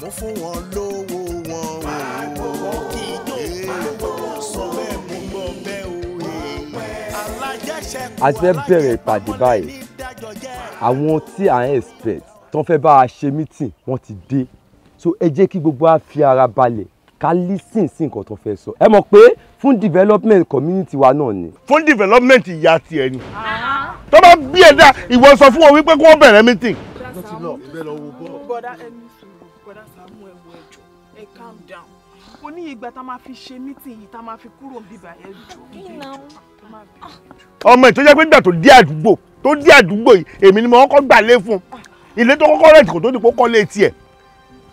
mú fún wọn lówó wọn o. pàgbówó kí yóò pàgbówó sọ bẹ́ẹ̀ mú lọ bẹ́ẹ̀ o. a ti fẹ́ bẹ̀rẹ̀ ìpàdé báyìí àwọn tí à ń expect tán fẹ́ bá a ṣe meeting wọ́n ti dé so ẹ jẹ́ kí gbogbo a fi ara balẹ̀ ká lísìn sí nǹkan tó fẹ́ sọ ẹ mọ̀ pé fún development community wa náà ni. fún development ìyá tiẹ̀ ni tó bá bí ẹ̀dá ìwọ sọ fún wọn wípé kí wọ́n bẹ̀rẹ̀ meeting calm down o ní ìgbà tá máa fi ṣe mítìn yìí tá máa fi kúrò bíbá ẹ jù ọmọ ìtọ́jà pé nígbà tó dé àdúgbò tó dé àdúgbò yìí èmi ni mo kọ́kọ́ gbà lé fún ilé tó kọ́kọ́ rẹ̀ kò tó di kó kọ́ lé tiẹ̀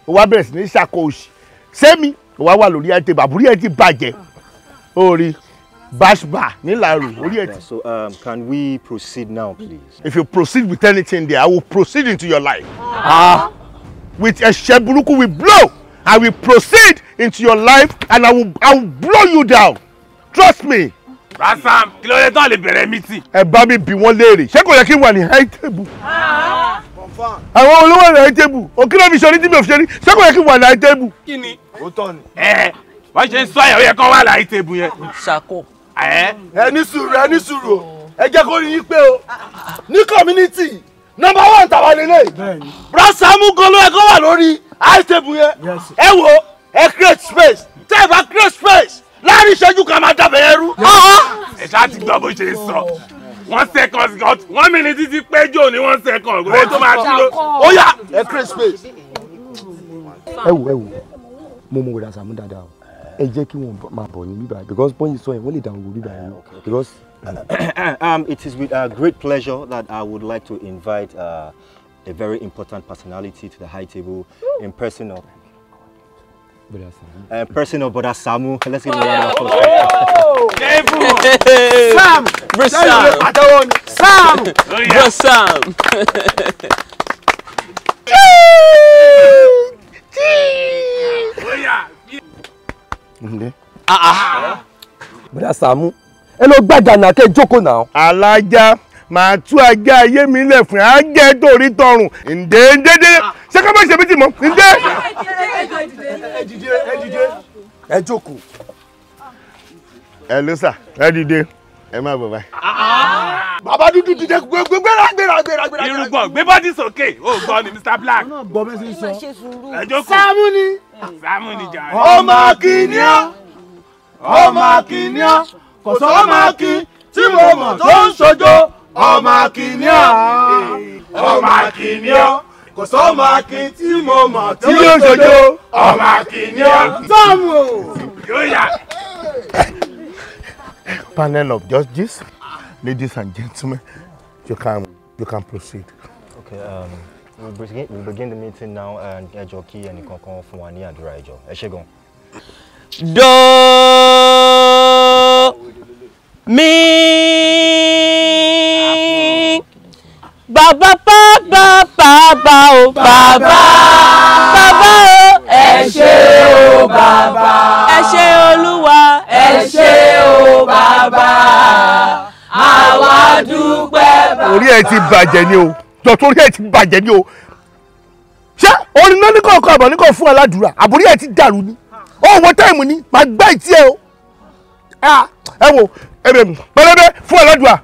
wá bẹ̀rẹ̀ sí ní ṣàkó òṣì sẹ́mi ó wá wà lórí ẹ̀tẹ̀ bàbúrí ẹ̀ ti bàjẹ́ orí bashba nílàrú orí ẹ̀tẹ̀. so um, can we proceed now please. if you proceed with anything there i will proceed into your life. ah uh, with ẹ̀ṣẹ̀ burúkú we blow. I will proceed into your life and I will, I will blow you down. Trust me. Rasam, kí ló dé tán lè bẹ̀rẹ̀ meeting? Ẹ bá mi bi wọ́n léèrè. Ṣé kò yẹ kí n wà ní high table? Àwọn olówó ní high table. Òkìlọ̀ mi sọ ní tí mi ò fi ṣe ní. Ṣé kò yẹ kí n wà ní high table? Kí ni? Ó tọ́ ni. Ẹ wọ́n ṣe ń sọ àyẹ̀wò yẹ kán wà ní high table yẹn. Ṣàkó. Ẹ ní sùúrù, ẹ ní sùúrù Ẹ jẹ́ kó rí yín pé o. Ní community nọmba one tàwa lélẹ̀ brasa mugolo ẹ̀ kó wà lórí high table yẹn ẹ wo ẹ create space tẹ́ ẹ bá create space láàrin ìṣẹ́jú kan máa dábẹ̀ yẹn rú. ẹ ṣáà ti gbọ́ bó ṣe sọ one second one minute títí péjọ ní one second gbogbo tó máa dúró ó yá ẹ create space. ẹ wò ẹ wò mo mọ wẹ̀rẹ̀ àṣà mú dáadáa o ẹ jẹ́ kí wọ́n máa bọ̀ ní bíbá because bọ́yìn sọ yẹn wọ́n lè dàrú bíbá yẹn because. um, it is with uh, great pleasure that I would like to invite uh, a very important personality to the high table Ooh. in person of uh, person of Brother Samu. Let's give him a round of applause. Oh, Sam! Bro Sam! Sam! Bro Sam! Ah ah! Brother Samu. ẹ lọ gbàjà náà kẹ́ jókòó náà. alájà màá tú ajá ayé mi lẹ̀ fún yà á jẹ́ torí tọrùn ǹdẹ́ ǹdẹ́ dé ṣé ká má ṣe méjì mọ́ ǹdẹ́. ẹ dìde ẹ dìde ẹ jókòó. ẹ ló sà ẹ dìde ẹ má bọ̀ báyìí. bàbá dúdú dìde gbéra gbéra gbéra gbéra. irúgbọ̀n gbé bọ́dí sókè ó gbọ́ ni Mr Black. ọ̀nà gbọ́ bẹ́ẹ̀ ṣe sọ ẹ jókòó. sáàmù ni. sáàmù ni jàre. ọmọ kìnìún ọmọ kìnìún kò sọ ọmọ akin tí mo mọ̀ tó ń ṣojo ọmọ akin ni ọ ọmọ akin ni ọ kò sọ ọmọ akin tí mo mọ̀ tó ń ṣojo ọmọ akin ni ọ. sọ́ọ̀mù o. panel of judges ladies and gentlemen you can you can proceed. okay um, we begin we begin the meeting now and ẹ jọ̀ọ́ kí ẹnìkan kan fún wa ní àdúrà ẹ jọ̀ọ́ ẹ ṣé gan. dọ́ọ̀ mi. Bàbá bàbá bàbá o bàbá bàbá o. Ẹ ṣé o bàbá. Ẹ ṣé Olúwa. Ẹ ṣé o bàbá. Àwa dúpẹ́ bàbá. Orí ẹ ti bàjẹ́ ni o, dọ̀tún orí ẹ ti bàjẹ́ ni o. Ṣé orin náà ní kọ̀ọ̀kan àbọ̀ ní kò fún aládùúrà? Àbúrí ẹ ti dàrú ni. Ó wọ táìmù ni, màá gbá ìtí ẹ o. Ah, ẹ wo èrèmù pẹlẹbẹ fún ọlọ́dúà.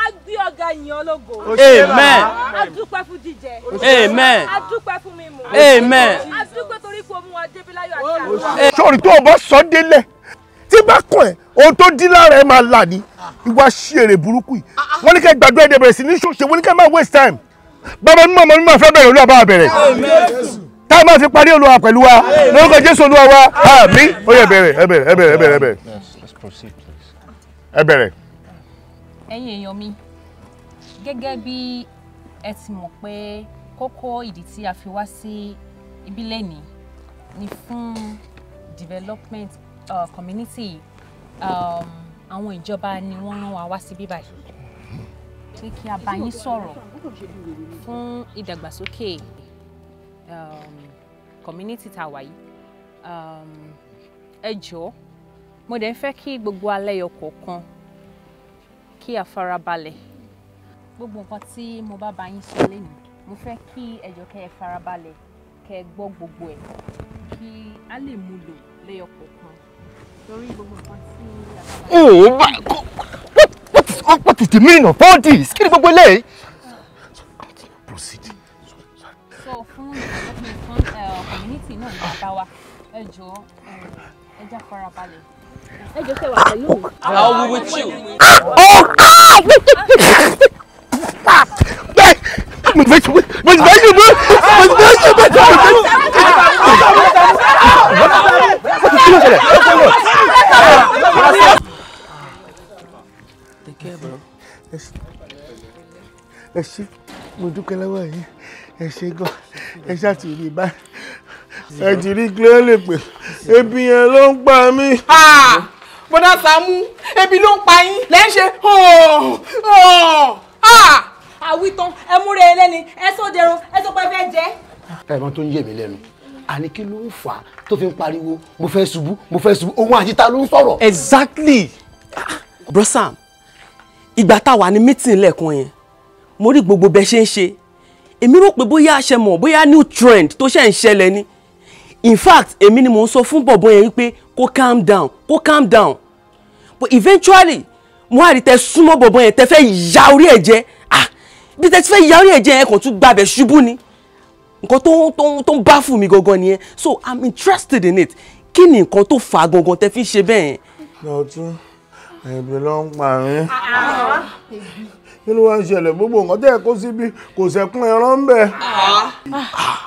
a gbé ọ̀gá yìn ológo. amen. a dúpẹ́ fún jíjẹ. amen. a dúpẹ́ fún mímu. amen. a dúpẹ́ torí kò mú wa débi láyọ̀ àti àwọn. sọ̀rọ̀ tó o bá sọ délẹ̀ tí bá kàn ẹ́ ohun tó dín lára ẹ máa là ní ìwà ṣeré burúkú yìí wọ́n ní kẹ́ gbàdúrà ẹ̀dẹ̀ bẹ̀rẹ̀ sí ní ṣòṣe wọ́n ní kẹ́ máa waste time bàbá mímọ́ ọmọ mímọ́ fẹ́ bẹ̀rẹ̀ olúwa bá bẹ̀rẹ̀ tá a máa fi parí olúwa pẹ̀lú wa lórúkọ jésù olúwa wa àmín ó yẹ bẹ̀rẹ̀ ẹ bẹ̀rẹ̀ ẹ bẹ̀rẹ̀ ẹ bẹ̀rẹ̀ ẹ bẹ̀rẹ̀. ẹ̀yin èèyàn mi gẹ́gẹ́ bí ẹ ti mọ̀ pé kókó ìdí tí a fi wá sí ibi lẹ́nìí ni fún development uh, community um, àwọn ìjọba ni wọ́n rán wa wá sí bíbá yìí pé kí a bá yín sọ̀rọ̀ fún ìdàgbàsókè um, community tá a wà yìí um, ẹ jọ̀ọ́ mo dẹ̀ ń fẹ́ kí gbogbo alẹ́yọ kọ̀ọ̀kan kí a farabalẹ̀. gbogbo nǹkan tí mo bá bá yín sọ lénìí mo fẹ́ kí ẹjọ́ kẹ́ ẹ farabalẹ̀ kẹ́ ẹ gbọ́ gbogbo ẹ̀ kí a lè mú lò lẹ́yọ kọ̀ọ̀kan torí gbogbo nǹkan tí oh my god what is all what is the meaning of all this kí ni gbogbo eléyìí. proceed. Eh, ẹ jọ eh, ẹ farabalẹ̀ you. Oh ah. ẹjọ fẹ́ wà pẹ̀lú mi. I'll be with you. mo fẹ́ ṣubú mo fẹ́ ṣubú mo fẹ́ ṣubú mo fẹ́ ṣubú. Take care, bro. ẹ ṣé mo dúpẹ́ lọ́wọ́ yín ẹ ṣé gan ẹ ṣàtìrí báyìí ẹ̀jì rí kílẹ̀ lè pè ebi yẹn ló ń pa mí. bọ́dá Sàámú ebi ló ń pa yín lẹ́ ń ṣe àwítán ẹ múre ẹlẹ́ni ẹ sóderun ẹ sọ pé fẹ́ jẹ́. ẹ mọ tó ń yé mi lẹ́nu àní kí ló ń fà á tó fi ń pariwo mo fẹ́ ṣubú mo fẹ́ ṣubú òun àti ló ń sọ̀rọ̀. exactly bro Sam ìgbà tá a wà ní mítìn lẹ́ẹ̀kan yẹn mo rí gbogbo bẹ́ẹ̀ ṣe ń ṣe èmi rò pé bóyá a ṣe mọ̀ bóyá new trend tó ṣe ń ṣẹlẹ̀ ni in fact èmi ni mò ń sọ fún bọ̀bọ̀ yẹn wípé kó calm down kó calm down but eventually mo á rí tẹ súnmọ́ bọ̀bọ̀ yẹn tẹ fẹ́ ya orí ẹ̀ jẹ ah bí tẹ ti fẹ́ ya orí ẹ̀ jẹ yẹn kàn tún gbàbẹ̀ ṣubú ni nǹkan tó ń tó ń bá fún mi gangan nìyẹn so i'm interested in it kí ni nǹkan tó fà á gangan tẹ fi ṣe bẹ́ẹ̀ yẹn. lọ́tún ẹ̀bí ló ń parí kí ló wá ń ṣẹlẹ̀ gbogbo nǹkan tẹ́ ẹ̀ kó síbi kò sẹ́kún ẹran ń bẹ̀.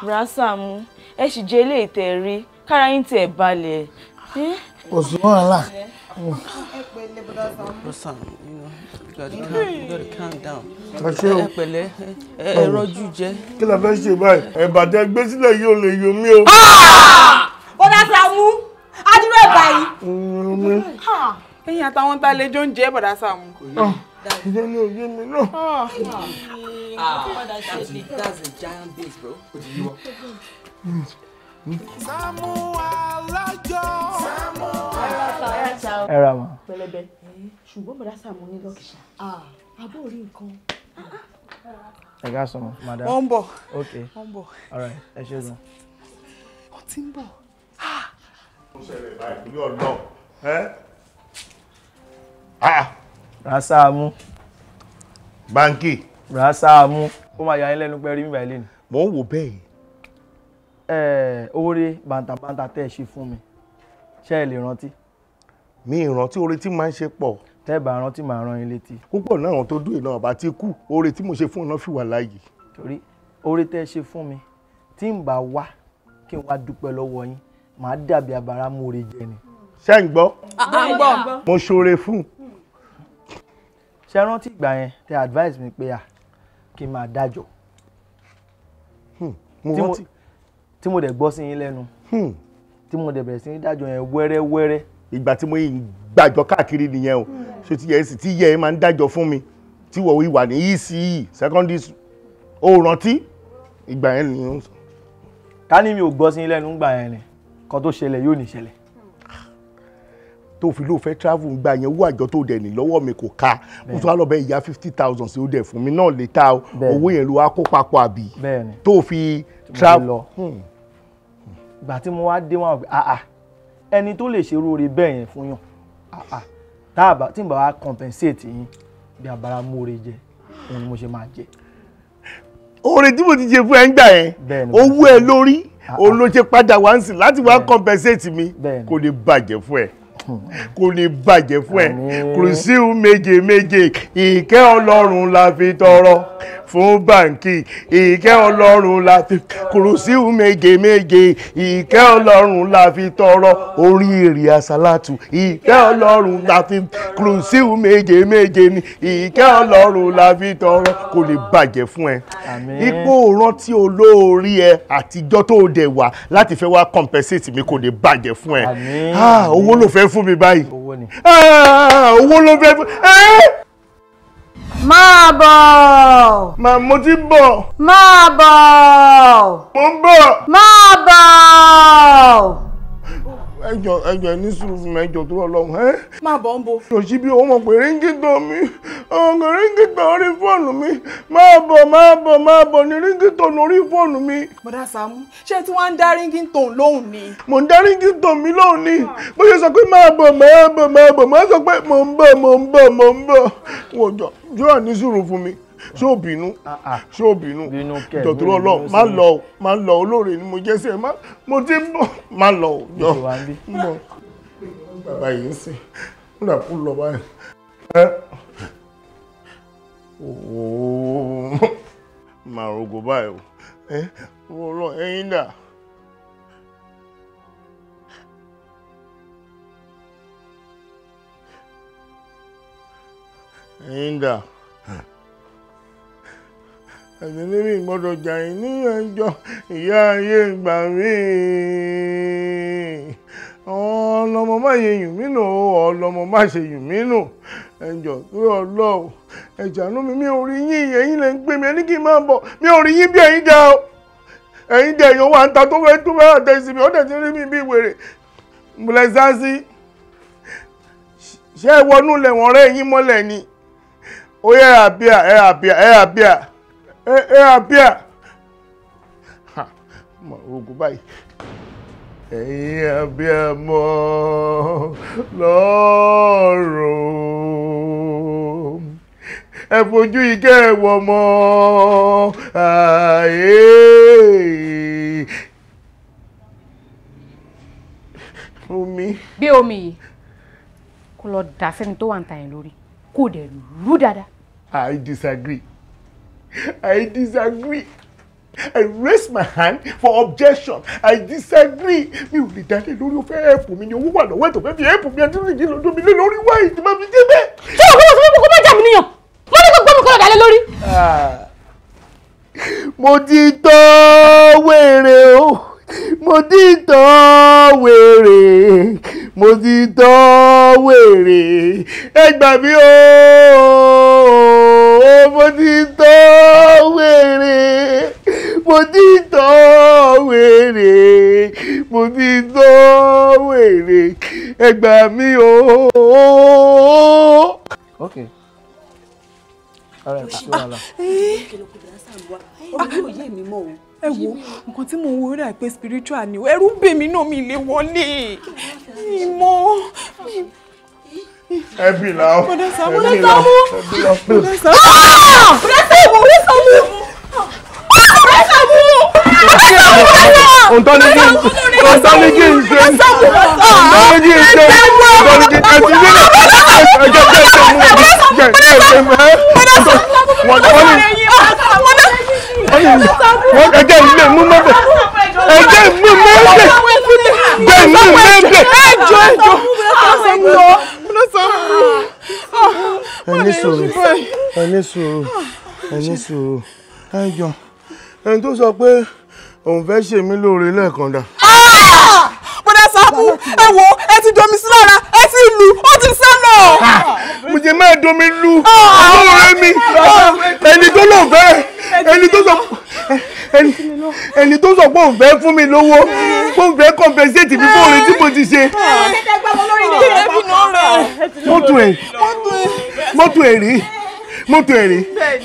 Brasa ah, mu ẹ sì jẹ ilé ìtẹ̀ rí kára yín tiẹ̀ balẹ̀. kò sí wàhálà. ẹ ṣe o ẹ pẹ̀lẹ́ ẹ rọjú jẹ. kí la fẹ́ ṣe báyìí ẹ̀bàdàn gbé sílẹ̀ yóò lè yomi o. bọ́dá ah! Sàámú adúrò ẹ̀bà yìí. Ah! ẹ̀yin àtàwọn tá a lè jọ ń jẹ bọ́dá Sàámú. ìjọ ni òye mi náà. Ah! That's a giant base, bro. Sàámú alájọ. Sàámú alájọ. ẹ ra ma. pẹlẹbẹ ṣùgbọ́n bàdá Sàámú ní lọ́kìṣà àbó ah. ah, orí nǹkan. ẹ ká sọ madam. wọ́n ń bọ̀. ok wọ́n ń bọ̀. alright ẹ ṣe gan. wọ́n ti ń bọ̀. Ah. ó ṣẹlẹ̀ báyìí torí ọ̀dọ́ ẹ́. ra Sàámú. ó máa yà á lẹ́nu pẹ́ẹ́rí mi báyìí lẹ́nu. mò ń wò bẹ́ẹ̀ oore bàǹtàbàǹtà tẹ́ ẹ ṣe fún mi ṣé ẹ lè rántí. mi ìrántí oore tí máa ń ṣe pọ̀. tẹ́ ẹ bá rántí màá rán yín létí. púpọ̀ náà àwọn tó dúró náà bá ti kú oore tí mo ṣe fún ọ̀nà fi wà láàyè. torí oore tẹ́ ẹ ṣe fún mi tí n bá wá kí n wá dúpẹ́ lọ́wọ́ yín màá dàbí abara mú oore jẹ ni. ṣé ń gbọ́. ń gbọ́. mo ṣoore fún. ṣe rántí ìgbà yẹn tẹ́ advice mi pé à kí n máa dájọ́. Hmm, mo tí mo dẹ̀ gbọ́ sí yín lẹ́nu hmm. tí mo dẹ̀ bẹ̀rẹ̀ sí ní dájọ́ yẹn wẹ́rẹ́wẹ́rẹ́. ìgbà tí mo yìí ń gbàjọ káàkiri nìyẹn o ṣé ti yẹ èsì tí yẹ ẹ máa ń dájọ́ fún mi tí wọ́n wí wà ní ece e secondary o rántí ìgbà yẹn nìyẹn o. ká ní mi ò gbọ́ sí yín lẹ́nu ńgbà yẹn ni kan tó ṣẹlẹ̀ yóò ní ṣẹlẹ̀. tó fi ló fẹ́ travel ńgbà yẹn owó àjọ tó dẹ̀ ní lọ́wọ́ mi kò ká mo tún wá lọ bẹ ìyá fifty thousand sí ó dẹ̀ fún mi náà lè ta owó yẹn ló wá àbí tó fi travel ìgbà tí mo wá dé wọn àgbẹ̀ àà ẹni tó lè ṣerú oore bẹ́ẹ̀ yẹn fún yàn àà táàbà tí n bá wa compensate yín bí abara mú oore jẹ òun ni mo ṣe máa jẹ. oore tí mo ti jẹ fún ẹ ń gbà yẹn owó ẹ lórí òun ló ṣe padà wá ń sìn láti wá compensate mi kò lè bàjẹ́ fún ẹ kò ní bàjẹ́ fún ẹ kùrùsíù méje méje ìkẹ́ ọlọ́run la fi tọrọ fún báǹkì ìkẹ́ ọlọ́run la fi kùrùsíù méje méje ìkẹ́ ọlọ́run la fi tọrọ orí èrè àsálàtù ìkẹ́ ọlọ́run la fi kùrùsíù méje méje ni ìkẹ́ ọlọ́run la fi tọrọ kò lè bàjẹ́ fún ẹ. ipò rántí olórí ẹ àtijọ́ tó dẹ̀ wá láti fẹ́ wá compensate mi kò lè bàjẹ́ fún ẹ. Ah, owó ló fẹ́ fún mi báyìí owó ah, ló fẹ́ fún mi. Eh! Máa bọ̀. Màá mo ti bọ̀. Máa bọ̀. Mo ń bọ̀. Máa bọ̀. Ẹjọ̀ ẹjọ̀ ní sùúrù fún mi ẹjọ̀ tó lọ́wọ́. Máa bọ̀ ń bo. Yòòṣì bí owó mọ̀ pé ríngì mi ọ̀gàn ríngìtò orí fóònù mi máa bọ̀ máa bọ̀ máa bọ̀ ní ríngìtò orí fóònù mi. bọ́dà Sàámú ṣé tí wọ́n ń dá ríngìtò lóhùn ni. mo ń dá ríngìtò mi lóhùn ni bó ṣe sọ pé máa bọ̀ máa bọ̀ máa bọ̀ máa sọ pé mò ń bọ̀ mò ń bọ̀ mò ń bọ̀ wọ́n jọ jọ́ọ̀ ní sùúrù fún mi ṣé ò bínú ah, ah. ṣé ò bínú jọ̀tún lọ́lọ́ má lọ o má lọ o lóore ni mo jẹ́ sí mo ti bọ̀ má lọ o jọ mọ̀ bàbá yìí ń sìn nígbà kú lọ báyìí máa rogo eh? o wọ́n lọ ẹyin dà. ẹyin dà àtẹ̀lé mi gbọ́dọ̀ jà yín ní ẹjọ́ ìyá ayé ìgbà mi ọlọmọ má ṣe yùn mí nù ọlọmọ má ṣe yùn mí nù ẹjọ lórí Ọlọ́run ẹjànú mi mi ò rí yín ìyẹn yín lè ń gbé mi ẹni kí n máa bọ̀ mi ò rí yín bí ẹ̀yin dẹ o ẹ̀yin dẹ èèyàn wà ń ta tó fẹ́ tó fẹ́ àtẹ ìsinmi ó ti rí mi bí wèrè mùlẹ́sàsì ṣé ẹ wọnú lẹ̀ wọ́n rẹ́ yín ni ó yẹ àbíà ẹ àbíà ẹ àbíà ẹ àbíà mọ ogun báyìí ẹ̀yin àbíà mọ́ lọ́rùn ẹ fojú igẹ́ ẹ wọ̀ mọ́ ààyè. omi. bí omi yìí kó lọ dà sẹ́ni tó wà ń ta yẹn lórí kó dẹ̀ rú dáadáa. I disagree. I disagree. I raise my hand for objection. I disagree. Mi ò lè dalẹ̀ lórí o fẹ́ ẹ̀pù mi ni owó wà lọ́wọ́ ẹ̀ tó fẹ́ fi ẹ̀pù mi àti ìdílé lọ́dún mi lé lórí wáyé tí màá fi dé bẹ́ẹ̀. Ṣé o kò lọ sọ fún mi kó jà mí níyàn? kọ́lọ̀ dalẹ̀ lórí. mo ti tọ́ wèrè o mo ti tọ́ wèrè mo ti tọ́ wèrè ẹ gbà mí o mo ti tọ́ wèrè mo ti tọ́ wèrè mo ti tọ́ wèrè ẹ gbà mí o. okay ọ̀rẹ́ ìpàdé wà lọ. ẹ wo nǹkan tí mo ń wo rẹ̀ pé spiritual ni ẹ̀rù ń bèmí náà mi lè wọlé ìmọ̀ ẹbí ẹjọ́ bẹ́ẹ̀ ṣe mú mi jẹ́ ṣe mú ẹ́ wọ́n ní wọ́n ẹjẹ́ ilé mú mẹ́bẹ̀ ẹjẹ́ mú mẹ́bẹ̀ bẹ́ẹ̀ mú mẹ́bẹ̀. ẹjọ́ ẹjọ́ ẹni sùúrù ẹni sùúrù ẹni sùúrù ẹjọ́ ẹni tó sọ pé òun fẹ́ ṣe mí lóore lẹ́ẹ̀kan dà. bọ́dá sábù ẹ wo ẹ ti domi sí lára ẹ ti lù ó ti sẹ́. Ah, mo jẹ máa domi lu ah, ah, ọlọ́rẹ́ mi ẹni tó lò fẹ́ ẹni tó sọ ẹni tó sọ pé òun fẹ́ fún mi lówó pé òun fẹ́ compensate mi fún orin tí mo ti ṣe. mọ́tò ẹ̀ mọ́tò ẹ̀ rí mọ́tò ẹ̀ rí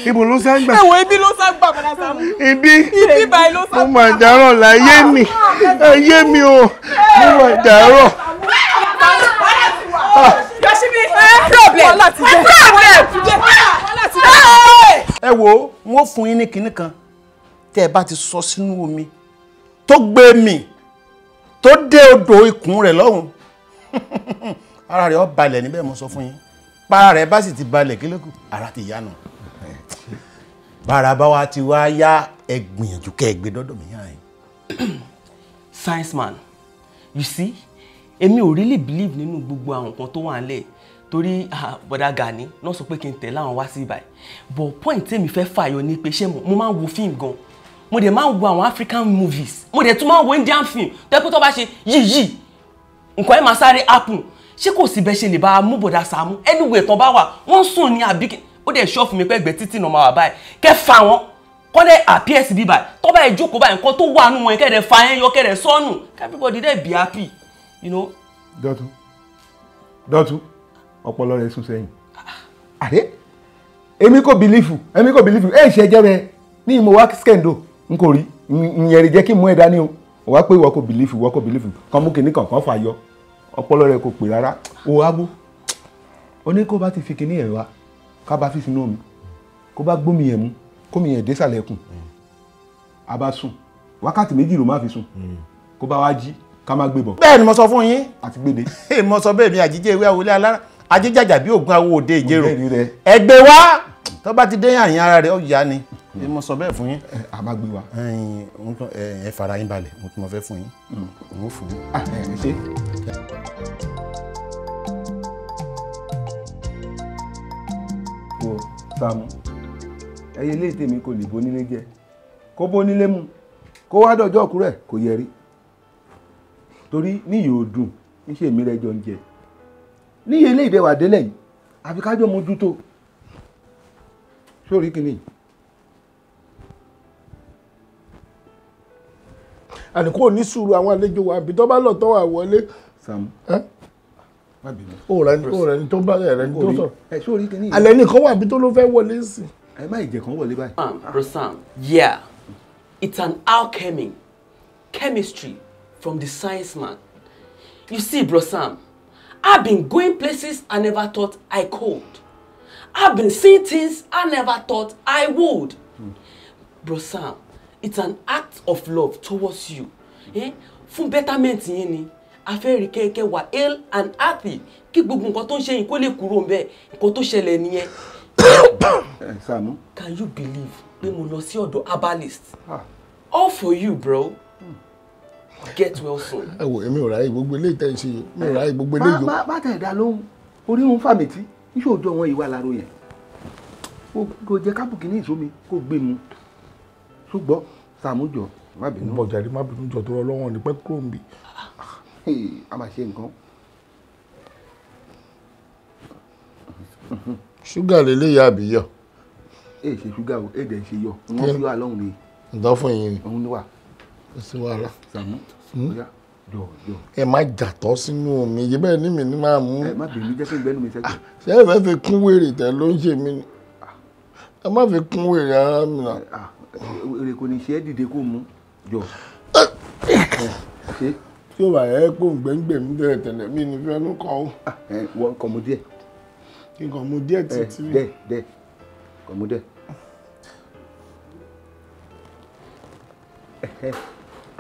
ibo ló sá ń gbà. ẹ̀wọ̀n ibi ló sá ń gbà padà sáàmù. ibi ibi báyìí ló sá ń gbà. mo mà dárọ̀ láyé mi ayé mi o mo mà dárọ̀ problem problem ẹ wo wọn fún yín ní kinní kan tẹ ẹ bá ti sọ sínú omi tó gbé mi tó dé odò ikùn rẹ̀ lọ́hùn ara rẹ̀ ó balẹ̀ níbẹ̀ mo sọ fún yín para rẹ̀ bá sì ti balẹ̀ kílẹ̀kù ara ti yá nù bàràbà ti wá yá ẹgbìyànjú kẹgbẹ dọdọ mi yá yín. science man you see èmi ò really believe nínú gbogbo àwọn nǹkan tó wà nílẹ̀ torí ah, bọ̀dà Gani náà sọ pé kí n tẹ̀lé àwọn wá sí ibàyí but point tèmi fẹ́ fàyọ ni pé ṣé mo máa ń wo fíìmù gan mo dẹ̀ máa ń wo àwọn African movies mo dẹ̀ tún máa ń wo Indian film tẹ́kù tó bá ṣe yíyí nǹkan ẹ̀ máa sáré happen ṣé kò sí bẹ́ẹ̀ ṣe lè bá a mú bọ̀dà Sàámú anyway tán bá wà wọ́n sùn ní àbí ó dẹ̀ ṣọ́ọ̀fù mi pẹ́ gbẹ títí náà máa wà báyìí kẹ́ fa wọn kọ́lẹ̀ àpíẹ̀sì bíbà tọ́ba ìjókòó báyìí nǹkan tó wà nù wọn kẹ́rẹ̀ fa ẹyọ kẹ́rẹ̀ sọ́nù everybody dẹ̀ be happy you know. dọ́tún dọ́tún ọpọlọ rẹ sún sẹ́yìn àdé èmi kò bìlífù èmi kò bìlífù ẹ̀ ṣe jẹ́ rẹ ní ìmọ̀ wá skendo n kò rí ìyẹn rí jẹ́ kí n mú ẹ̀ dání o ò wá pé ìwọ kò bìlífù ìwọ kò bìlífù kan mú kinní kankan fà yọ ọpọlọ rẹ kò pè rárá o agbó oní kó bá ti fi kinní ẹ̀ wá ká bá fi sinú omi kó bá gbómi yẹn mú kómi yẹn désàlẹ̀ kùn a bá sùn wákàtí méjì ló má fi sùn hmm. kó bá wá jí ká má gbébọn. bẹ́ẹ̀ ni mo sọ fún yín. àti gbèdé. mo sọ bẹ́ẹ̀ mi àjíjẹ ìwé àwòlé alára àjíjàjà bí ògùn awo òde ìjẹrò ẹgbẹ́ wa tó bá ti dé àyìn ara rẹ̀ ọ̀yà ni hmm. mo sọ bẹ́ẹ̀ fún yín. a máa gbé wa. ẹ fara yín balẹ̀ mo tún mọ fẹ́ fún yín. Hmm. mo fún yín. Ah, ẹ ṣe. wo Sàámú ẹyin ilé ìtẹ̀mí kò lè bónílé jẹ kó bónílé mu kó wá dọ̀jọ́ òkú kò yẹ rí torí níyì ò dùn ń ṣe èmi rẹjọ ń jẹ níyì eléyìí dẹwà délẹ̀ yìí àfi kájọ mójútó sórí kìíní. àní kò ní sùúrù àwọn àlejò wa àbí tó bá lọ tọ́ wà wọlé. Sàámú má bínú. o rẹ o rẹ ni tó bá rẹ ni tó sọ̀rọ̀ alẹ́ nìkan wà bí tó ló fẹ́ wọlé sí. ẹ má ìjẹ kan wọlé báyìí. Bro um, Sam, yeah, it's an alchemy, chemistry from the science man. You see, bro Sam, I've been going places I never thought I could. I've been seeing things I never thought I would. Mm. Bro Sam, it's an act of love towards you. Eh? Fún betterment yín ni, a fẹ́ rí kẹ́kẹ́ wà ill and healthy kí gbogbo nǹkan tó ń ṣe yín kó lè kúrò ńbẹ̀ nǹkan tó ṣẹlẹ̀ nìyẹn. Sàmú. Eh, Can you believe pé mo lọ sí ọ̀dọ̀ herbalist? Ah. All for you, bro. Mm get well soon. ẹ wò èmi ò ráyè gbogbo eléyìí tẹ̀ ń ṣe mi ò ráyè gbogbo eléyìí. bá bá tẹ̀ dá lóhùn orí òun fàmìtì iṣẹ́ òjò wọn ìwà làró yẹn kò jẹ́ kábùkì ní ìsomi kò gbé mu ṣùgbọ́n sàmújọ má bínú. bọ̀jà rí má bínú jọ tó rọ lọ́wọ́ ní pẹ́ kúrò níbi. a máa ṣe nǹkan. ṣúgà lélẹ́yà àbíyọ. èè ṣe ṣúgà o èdè ṣe yọ wọn fi wà lọ́hùn-ún ni. ni. òun ni wà kò sí wàhálà. sàmú ọ̀yà jọ jọ. ẹ má jàtọ̀ sínú omi yìí bẹ́ẹ̀ ní mi ní máa mú. ẹ má bèmí jẹ́ kí n gbẹ́nu mi sẹ́kẹ̀. Ah, ṣé ẹ fẹ́ fi kún wèrè tẹ ló ń ṣe mí ni ẹ má fi kún wèrè ara mi nà. Ah, ah, èrè kò ní ṣe é dìde kó mú jọ. tí o bá yẹ kó gbẹ̀ngbẹ̀mí tẹ̀lẹ̀ tẹ̀lẹ̀ mi ní fẹ́ ló kọ́ ọ. kọ̀ mú díẹ̀. kọ̀ mú díẹ̀ títí. dẹ dẹ kọ̀ mú dẹ.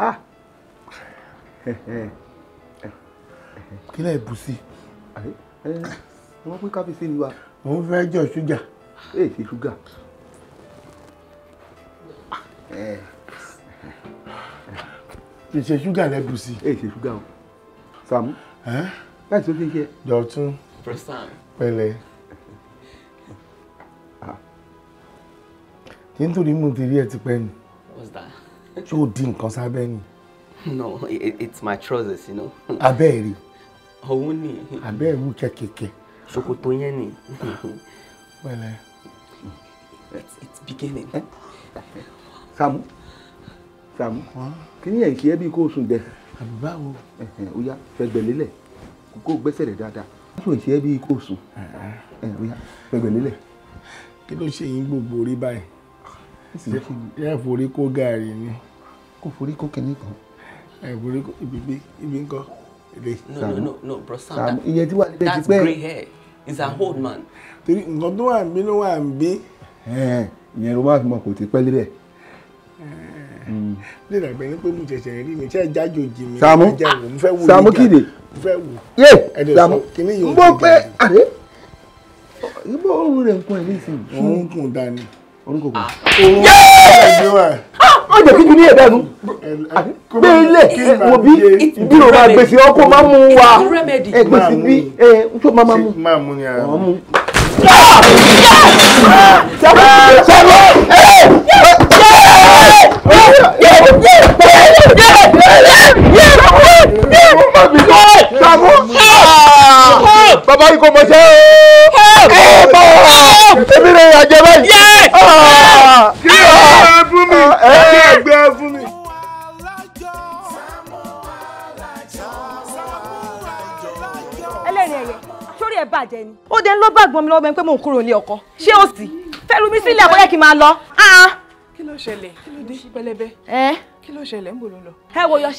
Ah. kí lẹ́ẹ̀ bù sí. wọ́n pín kábíyèsí ni wa. mo ń fẹ́ jọ ṣúgà. ẹ ṣe ṣúgà. kì í ṣe ṣúgà lẹ́ẹ̀ bù sí. ẹ ṣe ṣúgà o Sàámú. láti tó fi ń ṣe. Dọ̀tún. pẹ̀lẹ́. kí n tó ah. rí mu ti rí ẹ ti pẹ́ ni. what's that? ṣé o di nǹkan sábẹ́ ni. no it, it's my trousers you know. abẹ́ ẹ̀ rí. òun ni. abẹ́ ẹ̀ wú kẹ̀kẹ̀kẹ̀. ṣòkòtò yẹn ni. wẹ́lẹ̀. it's it's beginning. Samu. Samu. kí ni ẹ̀ ń ṣe ẹ́ bí kó o sùn jẹ. àbí báwo. ó yá fẹ̀gbẹ́ lélẹ̀ kó o gbẹ́sẹ̀ rẹ̀ dáadáa kó o ṣe ẹ́ bí kó o sùn. ó yá fẹ̀gbẹ́ lélẹ̀. kí ló ṣe yín gbogbo orí báyìí ẹ forí kó gàrí ni. kò forí kó kìíní kan. ẹ forí kó ibi gbé ibi ń kọ no no no no bro sam that iye that's grey hair he's an old man. torí nǹkan tó wà ń bí ló wà ń bí. ìyẹn ló wà fún ọ kò ti pẹ́ lébẹ̀ lè dàgbẹ́ ní pé mo ṣẹ̀ṣẹ̀ rí mi ṣe jájò jì mí Sàámú Sàámú kìdè yé Sàámú n bọ́ pé àdé ìbò òun rẹ̀ ń kún ẹ̀ nísìnyí. òun kùn dání orúkọ kò. wọ́n jẹ́ kíkí ní ẹ̀dá nu gbé ilé wò bí bí o máa gbèsè ọkọ̀ máa mú wa gbèsè bí tó máa mú mú. Bàbá yìí kò mọ̀ ṣe é. Ebi rẹ̀ yà jẹ báyìí kí ẹgbẹ́ fún mi eh, eh. kí ẹgbẹ́ fún mi. ẹlẹ́rìí ẹ̀yẹ sórí ẹ̀ bàjẹ́ ni. ó dé ń lọ bàgbọ́n mi lọ́wọ́ bẹ́ẹ̀ pé mò ń kúrò ní ọkọ ṣé ó sì fẹ́ẹ́ lu mi sílẹ̀ àbọ̀yẹ́ kí n máa lọ. Ah! kí ló ṣẹlẹ̀ kí ló dé pẹlẹbẹ. Eh? kí ló ṣẹlẹ̀ ń bò lọ. ẹ wò yọ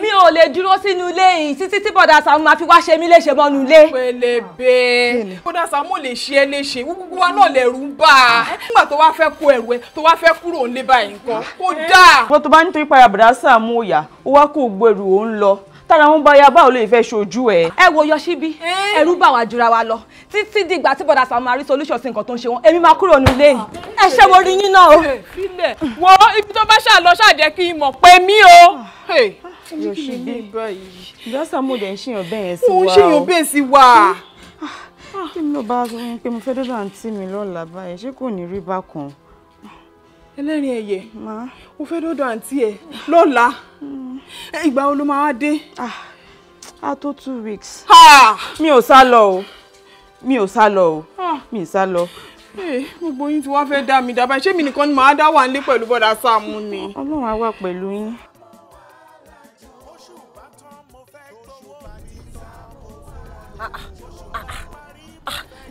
mi ò lè dúró sínú ilé yìí títí tí bọ̀dà Sàámú máa fi wá ṣe mí léṣe mọ́nu ilé. pẹlẹbẹ bọ̀dà Sàámú lè ṣe ẹ léṣe gbogbo wa náà lẹ̀rù ń bà á nígbà tó wá fẹ́ kó ẹrù ẹ tó wá fẹ́ kúrò nílé báyìí nǹkan kó dáa. mo tó bá nítorí para bọ̀dà Sàámú òyà ó wá kó gbèrú òun lọ tára wọn bá ya báwo lè fẹ́ ṣojú ẹ. ẹ wo yọṣíbí eh. ẹrú bà wá jura wa lọ títí dìgbà tí bọ̀dà sàmú àrí solution sí nǹkan tó ń ṣe wọn èmi máa kúrò ní ilé yìí ẹ ṣe wo rí yín náà o. sílẹ̀ eh, wo ibi tó bá ṣàlọ́ ṣàjẹ́ kí n mọ̀ pé mí o. yọṣíbí ìjọsìn mo dẹ̀ ń ṣèyàn bẹ́ẹ̀ sí wa o. mo ń ṣèyàn bẹ́ẹ̀ sí wa. Ah, ah, kí ni ló bá sọ pé mo fẹ́ dọ́dọ̀ àǹtí mi lọ́la báyìí ṣé kò ní rí bákan ẹlẹ́rìn ẹ̀yẹ̀ mo fẹ́ dọ́dọ̀ àǹtí ẹ̀ lọ́la hmm. ìgbà wo ló máa dé. Ah, a tó two weeks. mi ò sá lọ o mi ò sá lọ o mi ì sá lọ. Eh, gbogbo yín tí wọ́n fẹ́ dá mi dábàá ṣé mi nìkan ni màá dá wà nílé pẹ̀lú bọ́dà Sáàmù ni. ọlọ́run á wà pẹ̀lú yín. ah ah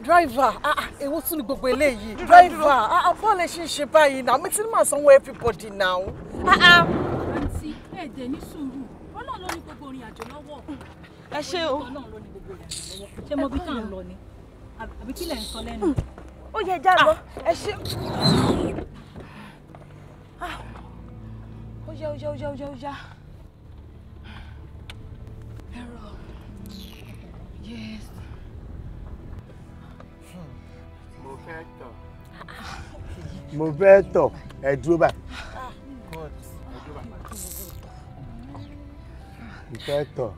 driver ah, ah, ewu tún ni gbogbo eléyìí driver ah, bọ́ọ̀lù ẹ̀ ṣe ń ṣe báyìí náà mi ti ní màá sanwó everybody now. àǹtí ẹ̀ẹ́dẹ̀ ní sùúrù ọlọ́run ló ní gbogbo orin àjò lọ́wọ́. ẹ ṣé o ṣé mo bí tá à ń lọ ni àbí kí lẹ̀ ń sọ lẹ́nu. ó yẹ já lọ ẹ ṣé. ó yá ó yá ó yá ó yá ó yá. ẹ̀rọ yes. mo fẹ́ tọ̀. mo fẹ́ tọ̀ ẹ dúró báyìí. mo fẹ́ tọ̀.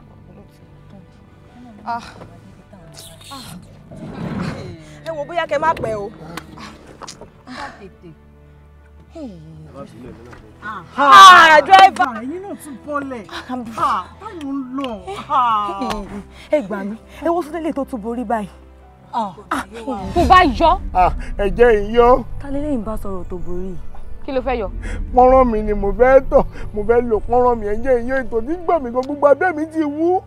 ẹ wo bóyá kẹ má pẹ́ o. Ah, driver. Ẹ̀yin náà tún bọ́lẹ̀. Ah, ah, báwo ń lọ? Ẹ gbà mí, ẹ wo tún délé tó tún borí báyìí ah, Ah, tó ah. bá yọ. Ah, ẹ̀jẹ̀ ìyọ́. kálílẹ̀ ìbá sọ̀rọ̀ tó borí. kí ló fẹ́ yọ. pọ́nrán mi ni mo fẹ́ tọ̀ mo fẹ́ lò pọ́nrán mi ẹ̀jẹ̀ ìyọ́ ètò nígbà mi gbogbo abẹ́ mi ti wú. tó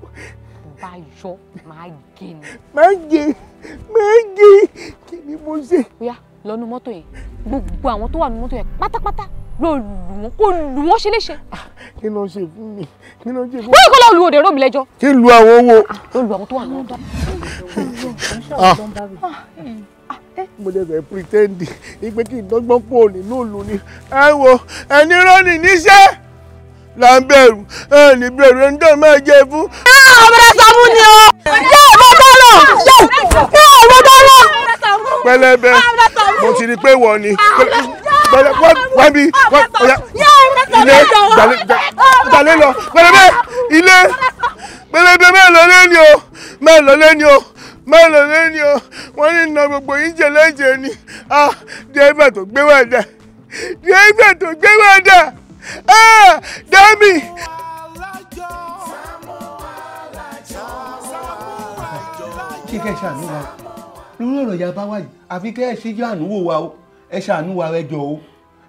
bá yọ máa gé ni. máa gé máa gé kí ni mo ṣe. bóyá lọ́nu mọ́tò yẹn gbogbo àwọn tó wà nínú mọ́tò yẹn pátápátá ló lù wọ́n kó lù wọ́n ṣe léṣe. Ah, kí ló ṣe no, mi kí ló ṣe No, mi. wọ́n yìí kọ́ lọ́ọ́ lu òde rómi lẹ́jọ́. kí lu àwọn owó. ló lu àwọn tó wà nínú mọ́tò. Ah. Ah, eh. Ah, eh. mo dẹ̀ fẹ́ pretend ipe kí n dọ́gbọ́n pò nínú ìlú ni ẹ wo ẹni rọ́ọ̀nì níṣẹ́ là ń bẹ̀rù ẹni bẹ̀rù ẹni tó máa jẹ fún. ọ̀bẹ̀rẹ̀ Sàámú ni o yẹ ẹ̀rọ bọ́lọ̀ yẹ ẹ̀rọ bọ́lọ̀. pẹlẹbẹ mo ti rí pé wọ ni wábi ilé gbalẹ lọ pẹlẹbẹ ilé pẹlẹbẹ mẹ́ẹ̀ lọ lẹ́ni o mẹ́ẹ̀ lọ lẹ́ni o má lọ lẹ́ni o wọ́n ní na gbogbo yín jẹ lẹ́jẹ̀ ni dẹ́gbà tó gbé wà dà dẹ́gbà tó gbé wà dà dámì. kíkẹ́ ṣàánú wa lórí ọ̀rọ̀ ìyá bá yìí àfi kẹ́ ẹ ṣíjú àánúwò wa o ẹ ṣàánú wa ẹ jọ o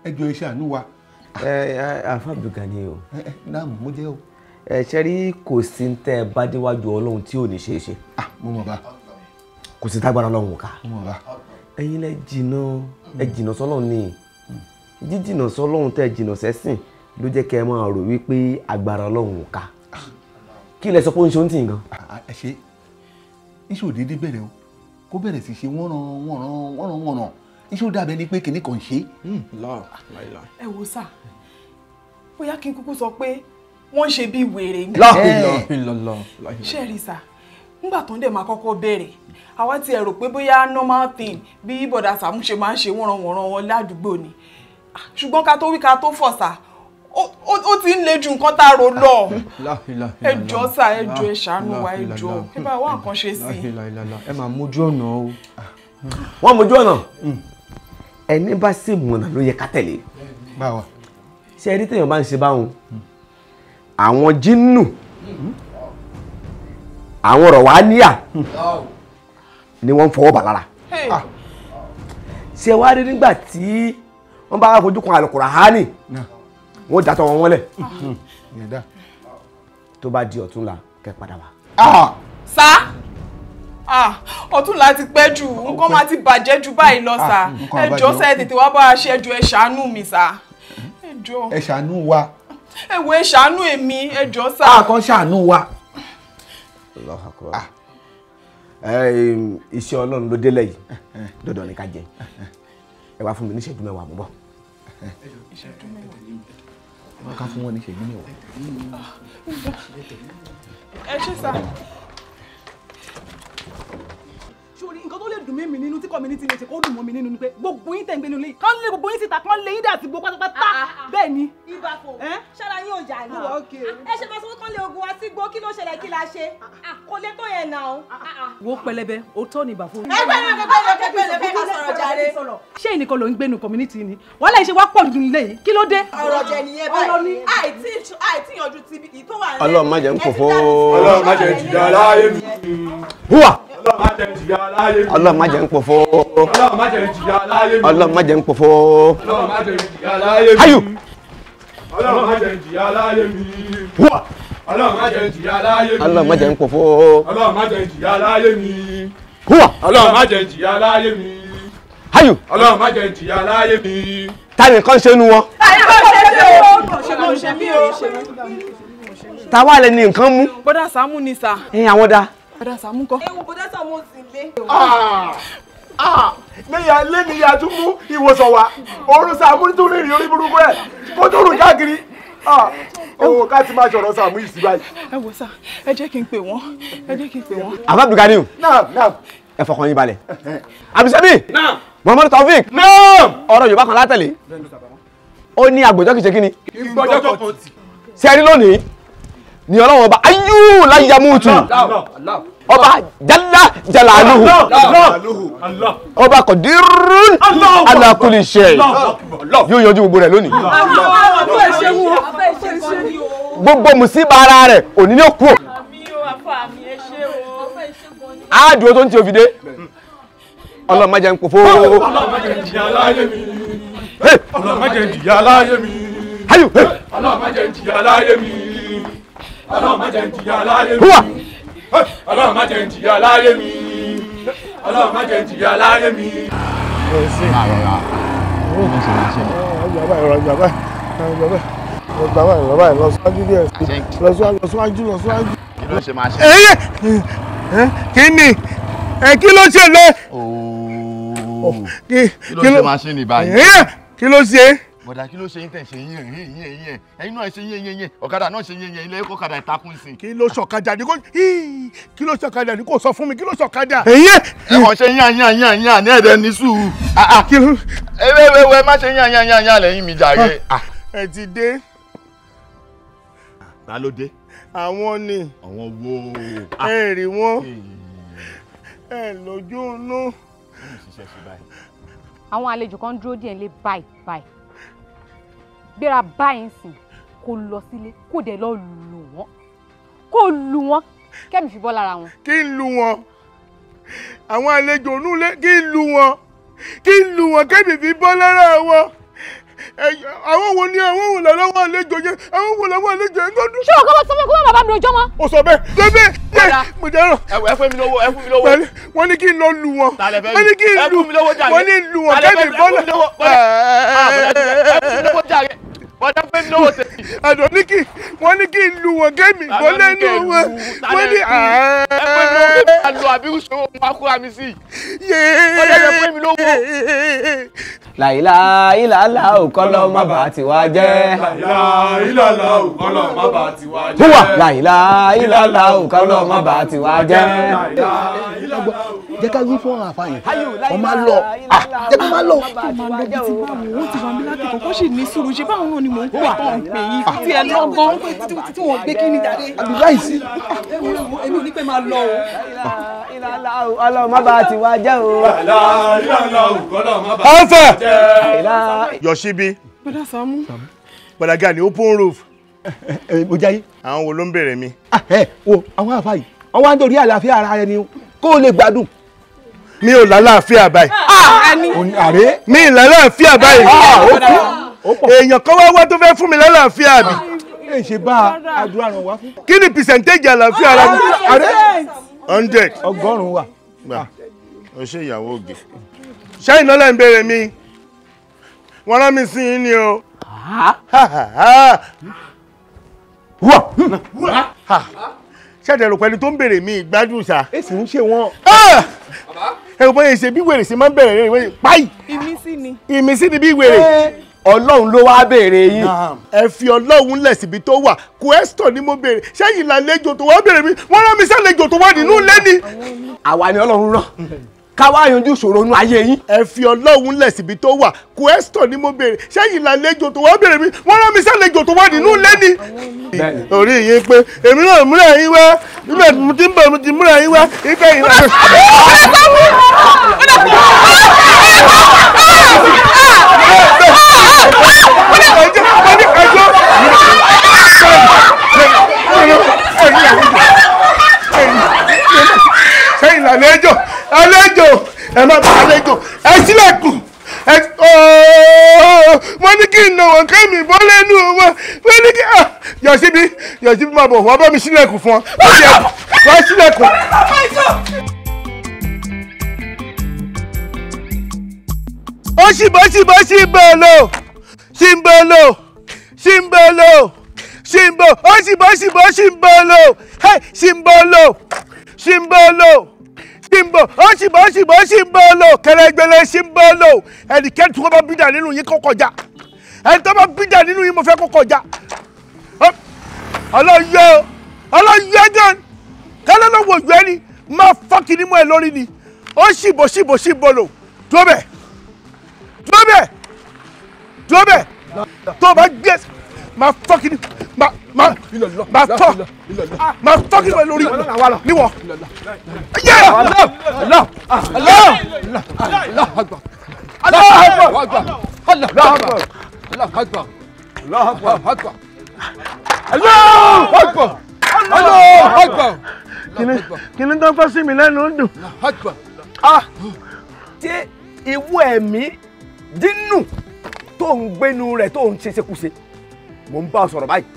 ẹ jọ ẹ ṣàánú wa. ẹ àfa ni o. ẹ dáàmú mo jẹ́ o. ẹ ṣe rí kò sí tẹ́ ẹ bá déwájú Ọlọ́run tí ò ní ṣe é ṣe. ah mo mọ̀ bá a kò sí tágbára Ọlọ́run ká ẹ̀yin lẹ jìnnà ẹ jìnnà sọ́lọ́run ni jíjìnnà sọ́lọ́run tẹ́ jìnnà sẹ́sìn ló jẹ́ kẹ́ ẹ máa rò wípé agbára Ọlọ́run ká kí lẹ sọ pé ó ń ṣe ó ń tì gan. ẹ ṣe iṣẹ́ òdèdè bẹ̀rẹ̀ o kó bẹ̀rẹ̀ sí ṣe wọ́nràn wọ́nràn wọ́nràn wọ́nràn iṣẹ́ ó dàbẹ̀ ni pé kìnnì kan ṣe. Hmm, ẹ wo sá bóyá kí n kúkú sọ pé wọ́n ṣe bí wèrè ń gbé. ṣé rí sá nígbà tó ń dẹ̀ máa kọ́kọ́ bẹ̀rẹ̀ àwa ti ẹ̀rọ pé bóyá normal thing bí bọ̀dà Sàámú ṣe máa ń ṣe wọ́nranwọ̀nran wọn ládùúgbò ni ṣùgbọ́n ká tó wí ká tó fọ̀sà ó ti ń le ju nǹkan tá a rò lọ ẹ jọ̀ọ́ sà ẹ jọ̀ọ́ ẹ ṣàánú wa ẹ jọ̀ọ́ ẹ bá wá nǹkan ṣe sí i. ẹ máa mójú ọ̀nà o. wọ́n mójú ọ̀nà hmm. ẹni bá sì mọ̀nà ló yẹ ká tẹ̀lé ṣe é rí bá ń ṣe báwọn àwọn jínnù hmm àwọn ọ̀rọ̀ wa níyà ni wọ́n ń fọwọ́ bà lára ah. ṣé wàá rí nígbà tí wọ́n bá fojú kan Al-Kùránì wọ́n dàtọ̀ wọn wọ́lẹ̀ hmm, hmm. tó bá di ọ̀túnla kẹ́ padà wá. Ah. sá ah, ọ̀túnla ti pẹ́ jù nǹkan máa ti bàjẹ́ jù báyìí lọ sá ẹjọ́ sẹ́ tètè wá bá a ṣe ẹjọ́ ẹ mi sá hmm. ẹjọ́. ẹ wa. ẹ wo ẹ ṣàánú èmi ẹjọ́ sá. a kàn ṣàánú wa. Ah, iṣẹ́ ọlọ́run ló délẹ̀ yìí dandan ni ká jẹ E wá fún mi níṣẹ́jú mẹ́wàá mú bọ̀. ká fún wọn níṣẹ́jú mẹ́wàá. ẹ ṣe sá sórí nǹkan tó lè dùn mí mi nínú tí community lè ṣe kó dùn mọ́ mi nínú ni pé gbogbo yín tẹ̀gbẹ́ nílé kán lé gbogbo yín síta kán lé yín dàtí gbogbo pátápátá bẹ́ẹ̀ ni. ibà fò ṣára yín ò yà ni ẹ ṣe máa kán lé ogun wa sí gbó kí ló ṣẹlẹ̀ kí la ṣe kò lè tó yẹn nà o. wo pẹlẹbẹ o tọ ni ibà ẹgbẹ́ náà kẹ́kẹ́ pẹlẹbẹ ká sọ̀rọ̀ jàre. ṣé ìnìkan ló ń gbénu Allah má jẹ́ n jìyà aláyé mi. ọlọ́run Allah jẹ́ n pòfo. ọlọ́run má jẹ́ n jìyà aláyé mi. ọlọ́run Allah jẹ́ n pòfo. ọlọ́run má jẹ́ n jìyà aláyé mi. ayù. ọlọ́run má jẹ́ n jìyà aláyé mi. wúwa. ọlọ́run má jẹ́ n jìyà aláyé mi. ọlọ́run má jẹ́ n pòfo. ọlọ́run má jìyà aláyé mi. wúwa. ọlọ́run má jẹ́ jìyà aláyé mi. ayù. ọlọ́run má jẹ́ jìyà aláyé mi. táyì kan ṣe nu wọn. táyì kan ṣe nu wọn. tàwa lẹni nǹkan mú. bọ́dà Sàámú ni sà. ẹ àwọn dáa bọ̀dá Sàámú kọ́. ewu bọ̀dá Sàámú ò sì ah, ah, lé. níyà lé níyà tún mú ìwòsàn wá oorun Sàámú nítorí ìrìn orí burúkú ẹ̀ kó tó rùn káàkiri owó ah, ká ti máa ṣọ̀rọ̀ Sàámú yìí sí báyìí. ẹ wò sá ẹ jẹ́ kí n pè wọ́n ẹ jẹ́ kí n pè wọ́n. àbá Abdulganiu. naam naam. ẹ fọkàn yín balẹ̀. Abisebi. naam. Muhammadu Taofik. naam. ọ̀rọ̀ Yorùbá kan látẹ̀lé. ó ní agbẹjọ́ kìí ṣe kí ni. kí n gbọ́jọ́ kan tì. sẹ́ni lónìí ni ọlọ́wọ́n ọba ayú láyàmútu ọba jalla jalaluhu ọba kọdirun ala kulli shay yóò yanjú gbogbo rẹ̀ lónìí gbogbo musiba ara rẹ̀ òní ni ó kú àádùn tó ń ti òfìdé ọlọ́mọ jẹ́ ń pò fó. ọlọ́mọ jẹ́ ń jìyà láyé mi. ọlọ́mọ jẹ́ ń jìyà láyé mi. ọlọ́mọ jẹ́ ń jìyà láyé mi. ọlọ́mọ jẹ́ ń jìyà láyé mi ọlọ́run má jẹ́ ń jìyà láyé mi ọlọ́run má jẹ́ ń jìyà láyé mi. bàbá yìí bàbá yìí lọ síwájú díẹ̀ lọ síwájú lọ síwájú lọ síwájú. kí ló ṣe máa ṣe. kí ni kí ló ṣe lẹ. kí ló ṣe máa ṣe ní báyìí. kí ló ṣe bọ̀dà kí ló ṣe yín tẹ̀ ṣe yín ẹ̀yìn ẹ̀yìn ẹ̀yìn ẹ̀ ẹ̀yìn náà ṣe yín ẹ̀yìn ẹ̀yìn ọ̀kadà náà ṣe yín ẹ̀yìn ilẹ̀ ẹ̀kọ́ kadà ìtakùn sí. kí ló ṣọ̀kadà ni kò kí ló ṣọ̀kadà ni kò sọ fún mi kí ló ṣọ̀kadà. ẹ̀yìn ẹ̀ wọ́n ṣe yín àyín àyín àyín àní ẹ̀dẹ̀ ní sùúrù. ewéwéwé má ṣe yín àyín àyín àyín àlẹ́yìn mi jàre. ẹ ti dé. ta ló dé. àwọn ni. àwọn wo. ẹ rí wọn. ẹ lójú inú. àwọn àlejò kan dúró díẹ̀ lé báyìí báyìí gbéra báyìí sìn kó lọ sílé kó dẹ̀ lọ lù wọ́n kó lù wọ́n kẹ́mi fi bọ́ lára wọn. kí n lu wọn àwọn àlejò onúlé kí n lu wọn kí n lu wọn kẹ́mi fi bọ́ lára wọn àwọn wo ni àwọn wo làwọn àlejò yẹn àwọn wo làwọn àlejò yẹn lọ́dún. ṣé ọkọ bá sọ fún mi kó má bàbá mi lójọ́ mọ́. o sọ bẹ́ẹ̀ bẹ́ẹ̀ bẹ́ẹ̀ mo dẹ́rọ̀. ẹ fún mi lówó ẹ fún mi lówó. wọ́n ní kí n lọ lu wọn. wọ́n ní kí n lu wọ́n ní lu wọn kẹ́mi bọ́lá bọ́dá pé mi lówó tèmi. àdó ní kí wọ́n ní kí n lu wọn gémi wọ́n lé ní ah. wọn wọ́n ní ààrẹ. ẹ pé mi máa kúra mi sí i. ọ̀dọ̀ yẹ mi lówó. làyílá ìlàlá òkọ́lọ́ má bàa tiwa jẹ́. làyílá ìlàlá òkọ́lọ́ má bàa tiwa jẹ́. wúwà làyílá ìlàlá òkọ́lọ́ má bàa tiwa jẹ́. làyílá ìlàlá òkọ́lọ́ jẹ́ ká wí fún àwọn àfààyàn ọmọ á lọ ah, jẹ́ ká má lọ. ọmọ lọ bí ti bá wọn ó ti wà mí láti kọ́kọ́ sì ní sùúrù ṣe báwọn náà ni mò ń pè tó ń pè yìí tí ẹ lọ́gán tí wọ́n gbé kíni jáde. àbí láìsí. èmi ò ní pẹ́ máa lọ o. ọlọ́run má bàa ti wá jẹ́ o. ọ̀fẹ́ yọ̀ṣíbi. bọ́dà Sàámú. bọ́dà Gani open roof. mo jayé. àwọn wo ló ń bèrè mi. Ah, wo àwọn àfààyè àwọn àdórí àlàáfíà ara ẹni o kó o lè gbádùn mi ò lálàáfíà báyìí. Ah, ah, ah, àrẹ. mi ì lálàáfíà báyìí. èèyàn kan wá wá tó fẹ́ fún mi lálàáfíà mi. ẹ ṣe bá àdúrà ràn wá fún. kí ni percentage àlàáfíà ara mi. àrẹ. hundred. ọgọ́rùn-ún wà. gbà o ṣe ìyàwó ògè. ṣé iná lẹ́ ń mi wọ́n rán mi sí yín ni o. wà ṣẹ̀dẹ̀ rò pẹ̀lú tó ń béèrè mi ìgbádùn sá. èsì ń ṣe wọ́n ẹ̀rù bọ́yẹ̀ ṣe bí wèrè ṣe máa ń bẹ̀rẹ̀ rẹ̀ páì. ìmísí ni. ìmísí ni bí wèrè. Ọlọ́run ló wá béèrè yín. ẹ fi Ọlọ́run lẹ̀ síbi tó wà question ni mo béèrè sẹ́yìn làlejò tó wá béèrè mi wọ́n rán mi sálejò tó wà nínú ilé ni. àwa ni Ọlọ́run rán ká wá yanjú ìṣòro inú ayé yín. ẹ fi ọlọ́run lẹ̀ síbi tó wà question ni mo béèrè sẹ́yìn làlejò tó wá béèrè mi wọ́n rán mi sálejò tó wá nínú ilé ni. orí yìí pé èmi náà múra yín wá nígbà tí ń bọ̀ mo ti múra yín wá ike yìí náà. Hey! sẹ́yìn làlejò àlejò ẹ má bàa àlejò ẹ sílẹ̀kùn ẹ wọ́n ní kí n nà wọ́n kẹ́ mi bọ́ lẹ́nu wọn wọ́n ní kí ah! yọ síbi yọ síbi máa bọ̀ wọ́n bá mi sílẹ̀kùn fún ọ wọ́n sílẹ̀kùn. ó sì bọ́ sì bọ́ sí bọ́ọ̀lù sí bọ́ọ̀lù sí bọ́ọ̀lù sí bọ́ọ̀lù ó sì bọ́ sì bọ́ sí bọ́ọ̀lù sí bọ́ọ̀lù. Shimbolo Shimbo ó Shimbo Shimbo Shimbolo kẹrẹgbẹlẹ Shimbolo ẹnikẹ́ni tí wọ́n bá bídà nínú yín kó kọjá ẹni tó bá bídà nínú yín mo fẹ́ kó kọjá ọlọ́yẹ ọlọ́yẹ gan kálọ́ ló wò yẹ ni máa fọ́ọ̀kì nímú ẹ lórí ni ó Shimbo Shimbo Shimbolo dúró bẹ́ẹ̀ dúró bẹ́ẹ̀ dúró bẹ́ẹ̀ tó bá gbé ma fọ́ọ̀kì ni ma ma ma fọ́ ma fọ́ọ̀kì ni wọ́n lórí níwọ̀n. Allah Allah Allah Allah akbar Allah akbar Allah akbar Allah akbar Allah akbar Allah akbar Allah akbar. kìnní kìnní tó ń fẹ́ sí mi lẹ́nu ń dùn. ah ṣé ìwú ẹ̀mí dínú tó ń gbénu rẹ̀ tó ń ṣe ṣekúṣe mò ń bá ọ sọ̀rọ̀ báyìí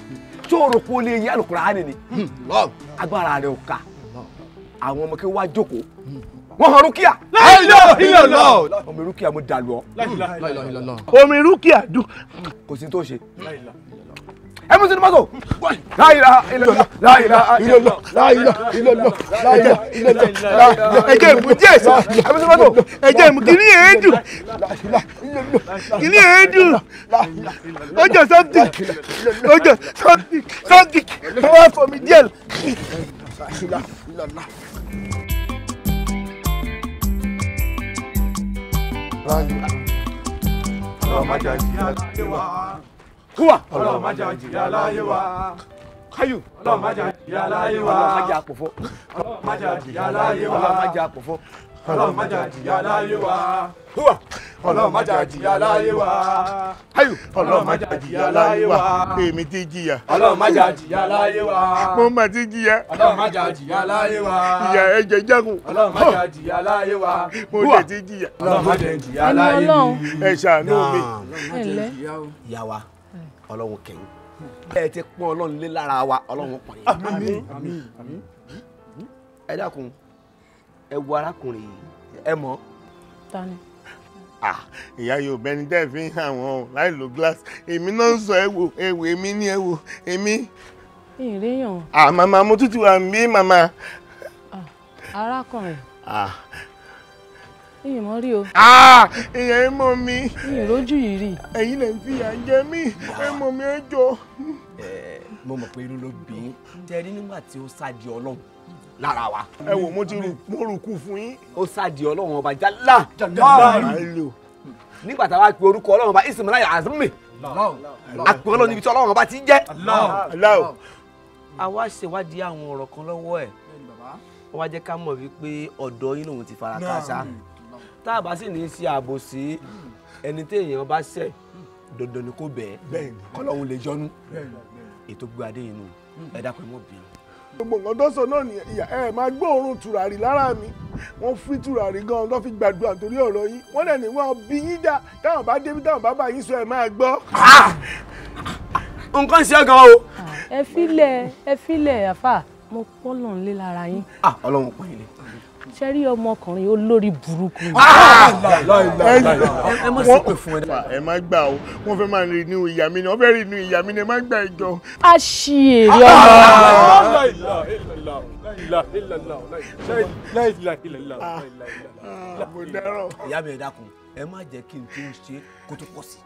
tó o rò pé o lè yí Al-Qur'ani ni agbára rẹ̀ ò ká àwọn ọmọ kí wá jókòó wọ́n hàn rúkìá. láìlọ ìlọlọ. omi rúkìá mo dàlú ọ. láìlọ omi rúkìá dùn. kò sí tó ṣe. ẹ mú sinimá tó. láìlọ ìlọlọ láìlọ ìlọlọ láìlọ ìlọlọ láìlọ ìlọlọ. ẹjẹ ìmú díẹ̀ sí. ẹ mú sinimá tó. ẹjẹ ìmú kìíní yẹn dùn. kìíní yẹn dùn. ó jọ something ó jọ something something. díẹ̀. báyìí. ọlọ́run má jà jìyà láyé wa. kúwà. ọlọ́run má jà jìyà láyé wa. káyù. ọlọ́run má jà jìyà láyé wa. ọlọ́run má jà àpòfọ́. ọlọ́run má jà jìyà láyé wa. ọlọ́run má jà àpòfọ́. ọlọ́run má jà jìyà láyé wa. kúwà ọlọ́run má jà jìyà láyé wa. ọlọ́run má jà jìyà láyé wa. èmi mo mà ti jìyà. ọlọ́run má jà jìyà láyé wa. ìyà mo jẹ ti jìyà. ọlọ́run má jà jìyà láyé mi. ẹ ṣàánú mi. ìyá wa ọlọ́run kẹ́yìn. ẹ ti pọ́n ọlọ́run lé lára wa ọlọ́run pọ̀ yẹn. ẹ dákun ẹ wo arákùnrin ẹ mọ̀ ìyá yóò bẹni tẹ́ fi ń hàn wọ́n o láì lo glass èmi náà ń sọ ẹ̀wò ẹ̀wò èmi ní ẹ̀wò èmi. ìrìyàn. à màmá mo tútù wà ń bí màmá. arákùnrin. ìyìn mọ́ rí o. ìyẹn ẹ mọ mi. ìyìn lójú yìí rí. ẹ̀yin lè fi ìyà jẹ mí ẹ mọ mi ẹ jọ. mo mọ̀ pé irú ló bí tẹ́rí nígbà tí ó sá di ọlọ́run lára wa. ẹ wò mo ti rúkú fún yín. ó sáàdì ọlọ́run ọba jálá nígbà tá a bá pe orúkọ ọlọ́run ọba ismaila azumi àpè ọlọ́run níbi tí ọlọ́run ọba ti jẹ́. àwa ṣèwádìí àwọn ọ̀rọ̀ kan lọ́wọ́ ẹ̀ ó wá jẹ́ ká mọ̀ wípé ọ̀dọ́ yín lòun ti fara káṣá tá a bá sì ní í ṣe àbòsí ẹni tí èèyàn bá ṣẹ̀ dandan ni kó bẹ̀ẹ́ kọ́lọ́hún lè yọnu ètò gbé adé inú ẹ̀dá pẹ̀lú ọ̀bìnrin gbogbo nǹkan tó sọ náà nìyẹn ìyá ẹ máa gbóòórùn tùràrí lára mi wọ́n fi tùràrí gan-an lọ́ fi gbàdúrà torí ọ̀rọ̀ yín wọ́n dẹ̀ ní wọ́n bí yín dá táwọn bá débi táwọn bàbá yín sọ ẹ̀ máa gbọ́. Ah! nǹkan ń ṣe é o. ẹ filẹ̀ ẹ filẹ̀ àfà mo pọ́ lọ́n lé lára yín. Ah, ọlọ́run pọ̀ yín lé ṣe rí ọmọkùnrin olórí burúkú. Ah! ẹ má sì pè fún ẹ. ẹ má gbà o wọn fẹ́ máa rí inú ìyá mi ni wọn fẹ́ rí inú ìyá mi ni ẹ má gbà ìjọ. a ṣì èrè ah! ọmọ. Ah! ìyá mi ẹ dákun ẹ má jẹ́ kí n tó ṣe kó tó pọ̀ sí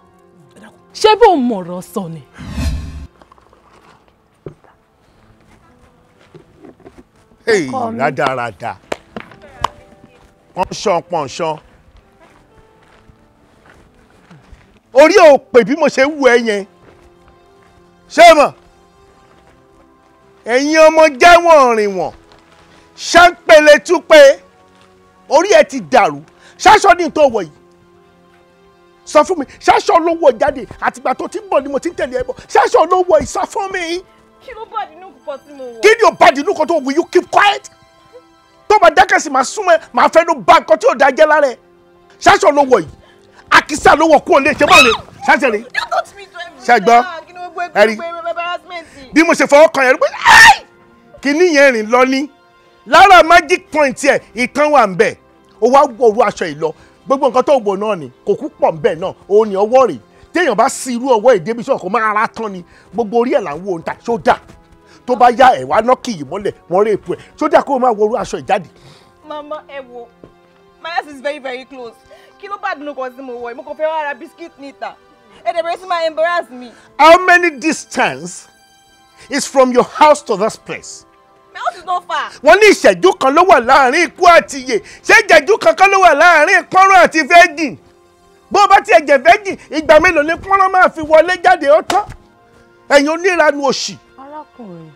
ẹ dákun. ṣé bó mọ̀rọ̀ sọ ni. Hey, rádaràda pọ̀nṣán pọ̀nṣán orí ò pè bí mo ṣe wù ẹ yẹn ṣé mọ̀ ẹ̀yin ọmọ jẹ́wọ̀n rìn wọ̀n ṣánpele túpẹ́ orí ẹ ti dàrú ṣáṣọ ní ìtọ́ wọ̀ yìí sọ fún mi ṣáṣọ ló jáde àtìgbà tó ti ń bọ̀ ni mo ti ń tẹ̀lé ẹ bọ̀ ṣáṣọ ló wọ̀ yìí sọ fún mi. kí ló bá dínú kọ́ tí mo wọ̀. kí ni bá dínú kọ́ tó wọ̀ you keep quiet tó bá dákẹ́ sí máa súnmọ́ ẹ máa fẹ́ ló bá nǹkan tí ò dá jẹ́ lára ẹ ṣáṣọ ló wọ̀ yìí àkísà ló wọ̀ kú ò lè ṣe báwo lè ṣáṣẹ rè ṣàgbọ́ ẹ̀rí bí mo ṣe fọwọ́ kan yẹn rí pé kíní yẹn rìn lọ ní lára magic point yẹ ìtàn wà ń bẹ̀ ó wá wọ̀ owó aṣọ yìí lọ gbogbo nǹkan tó wò náà ni kò kú pọ̀ ń bẹ̀ náà òun ni ọwọ́ rẹ̀ téèyàn bá sí irú ọwọ́ ìdébísọ̀ kó máa ra tán ni gbogbo orí ẹ̀ là ń wo òun ta ṣó dáa tó bá yá ẹ̀ nọ́ọ̀kì yìí mọ́lẹ̀ wọ́n rí èpo ẹ̀ sójà kó o máa wọrú aṣọ ìjáde. mama ẹ wo my house is very very close kí ló bá dunu kan sí mo wọ mo kò fẹ́ wá ra biscuit níta ẹ dẹ̀ bẹ̀rẹ̀ sí máa embarrass me. how many distance is from your house to this place? my house is not far. wọ́n ní ìṣẹ́jú kan ló wà láàrin ikú àti ìyè ṣé ìjẹ́jú kankan ló wà láàrin ìpọ́nrún àti virgin bó o bá tiẹ̀ jẹ́ virgin ìgbà mélòó ni pọ́nrán máa fi wọlé jáde ó tán ẹ̀yin oníranu òṣì arákùnrin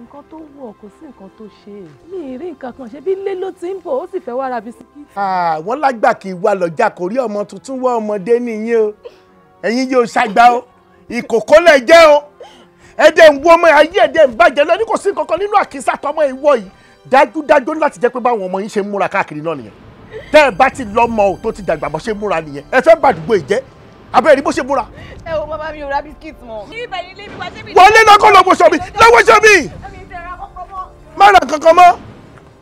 nǹkan tó wọ̀ kò sí nǹkan tó ṣe é mi ì rí nǹkan kan ṣe bí lé ló ti ń bọ̀ ó sì fẹ́ wá ra bisikíìtì. àwọn lágbà kì í wá lọ́jà kò rí ọmọ tuntun wá ọmọdé nìyí o ẹ̀yin yóò ṣàgbá o ìkòkò lẹ̀ jẹ́ o ẹ̀dẹ̀ ń wọ́n mọ́ ayé ẹ̀dẹ̀ ń bàjẹ́ lọ ní kò sí nǹkan kan nínú àkísà tọmọ ìwọ yìí dájúdájú láti jẹ́ pé báwọn ọmọ yín ṣe múra káàkiri náà nìyẹn tẹ́ ẹ bá ti lọ́mọ abẹ́rẹ́ rí bó ṣe búra. ẹ wo bàbá mi ò ra bisikíìtì mọ́. ní ìbẹ̀rẹ̀ ilé mi wá síbi. wọlé lọ́kọ́ lọ́wọ́ ṣọ́bì lọ́wọ́ ṣọ́bì. má ra kankan mọ́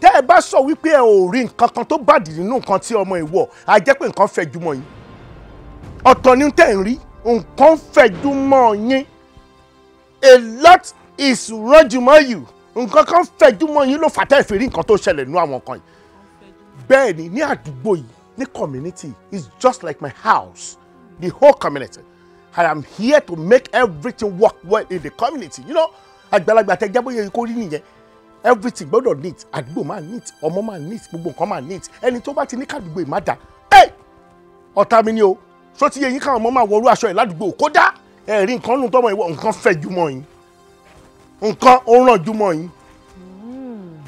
tẹ́ ẹ bá sọ wípé ẹ ò rí nǹkan kan tó bàdì nínú nǹkan tí ọmọ ìwọ á jẹ́ pé nǹkan fẹ́ jùmọ̀ yín ọ̀tọ̀ ni tẹ́ ń rí nǹkan fẹ́ jùmọ̀ yín a lot is wrong yìí nǹkan kan fẹ́ jùmọ̀ yín ló fàtẹ́ ìfèrí nǹkan tó ṣẹlẹ̀ nínú àwọn kan yìí bẹ́ẹ̀ ni ní àdúgbò yìí ní community is just like my house the whole community. I am here to make everything work well in the community. You know, àgbàlagbà tẹ jẹ́ rí nìyẹn. Everything gbọ́dọ̀ neat, àdúgbò máa neat, ọmọ máa neat, gbogbo nǹkan máa neat. Ẹni tó bá ti ní kàdúgbò ìmá dà. Ẹ ọ̀tá mi ni o, sọ ti yẹ yín káwọn ọmọ máa wọrú aṣọ ẹ̀ ládùúgbò kó dá. Ẹ rí nǹkan nù tọ́mọ ìwọ nǹkan fẹ̀ jù mọ́ yín. Nǹkan ó ràn jù mọ́ yín. Hmm.